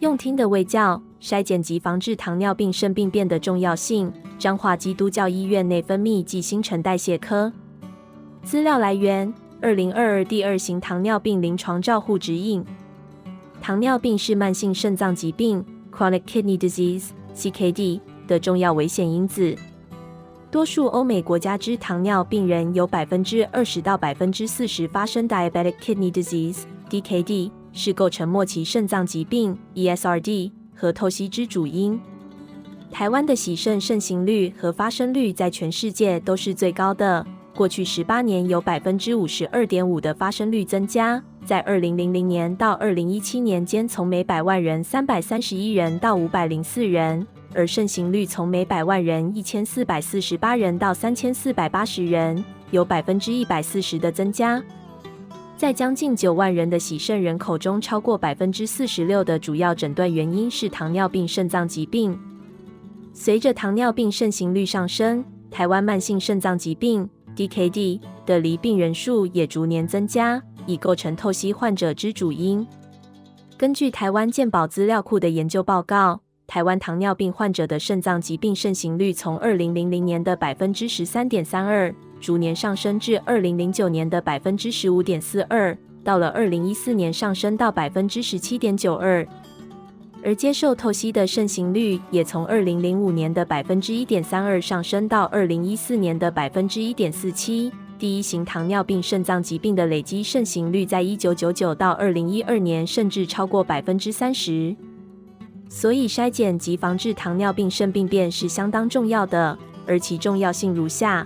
用聽的衛教篩檢及防治糖尿病腎病變的重要性。彰化基督教醫院內分泌暨新陳代謝科。資料來源：二零二二第二型糖尿病臨床照護指引。糖尿病是慢性腎臟疾病 （chronic kidney disease, CKD） 的重要危險因子。多數歐美國家之糖尿病人有百分之二十到百分之四十發生 diabetic kidney disease, DKD。是構成末期腎臟疾病 （ESRD） 和透析之主因。台灣的洗腎盛行率和發生率在全世界都是最高的。過去十八年有百分之五十二點五的發生率增加，在二零零零年到二零一七年間，從每百萬人三百三十一人到五百零四人，而盛行率從每百萬人一千四百四十八人到三千四百八十人有140，有百分之一百四十的增加。在將近九萬人的洗腎人口中，超過百分之四十六的主要診斷原因是糖尿病腎臟疾病。隨着糖尿病盛行率上升，台灣慢性腎臟疾病 （DKD） 的罹病人數也逐年增加，已構成透析患者之主因。根據台灣健保資料庫的研究報告，台灣糖尿病患者的腎臟疾病盛行率從二零零零年的百分之十三點三二。逐年上升至二零零九年的百分之十五點四二，到了二零一四年上升到百分之十七點九二。而接受透析的盛行率也從二零零五年的百分之一點三二上升到二零一四年的百分之一點四七。第一型糖尿病腎臟疾病的累積盛行率在一九九九到二零一二年甚至超過百分之三十。所以，篩檢及防治糖尿病腎病變是相當重要的，而其重要性如下。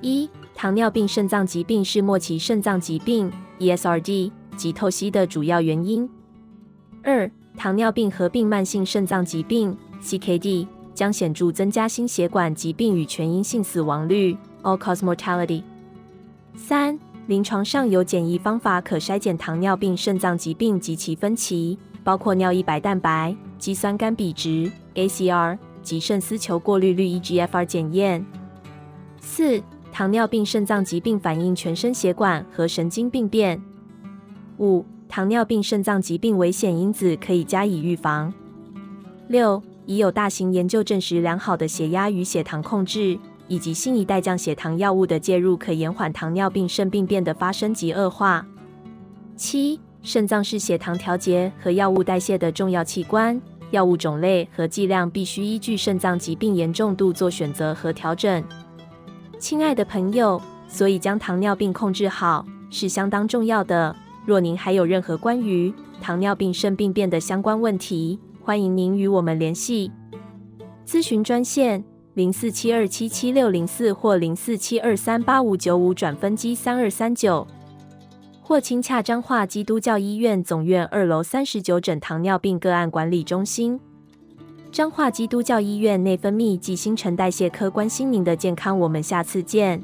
一、糖尿病腎臟疾病是末期腎臟疾病 （ESRD） 及透析的主要原因。二、糖尿病合併慢性腎臟疾病 （CKD） 將顯著增加心血管疾病與全因性死亡率 （all-cause mortality）。三、臨床上有簡易方法可篩檢糖尿病腎臟疾病及其分期，包括尿液白蛋白肌酸酐比值 （ACR） 及腎絲球過濾率，率 （eGFR） 檢驗。四、糖尿病腎臟疾病反映全身血管和神經病變。五、糖尿病腎臟疾病危險因子可以加以預防。六、已有大型研究證實，良好的血壓與血糖控制，以及新一代降血糖藥物的介入，可延緩糖尿病腎病變的發生及惡化。七、腎臟是血糖調節和藥物代謝的重要器官，藥物種類和劑量必須依據腎臟疾病嚴重度做選擇和調整。親愛的朋友，所以將糖尿病控制好是相當重要的。若您還有任何關於糖尿病腎病變的相關問題，歡迎您與我們聯繫。諮詢專線：零四七二七七六零四或零四七二三八五九五轉分機三二三九，或親洽彰化基督教醫院總院二樓三十九診糖尿病個案管理中心。彰化基督教醫院內分泌暨新陳代謝科關心您的健康，我們下次見。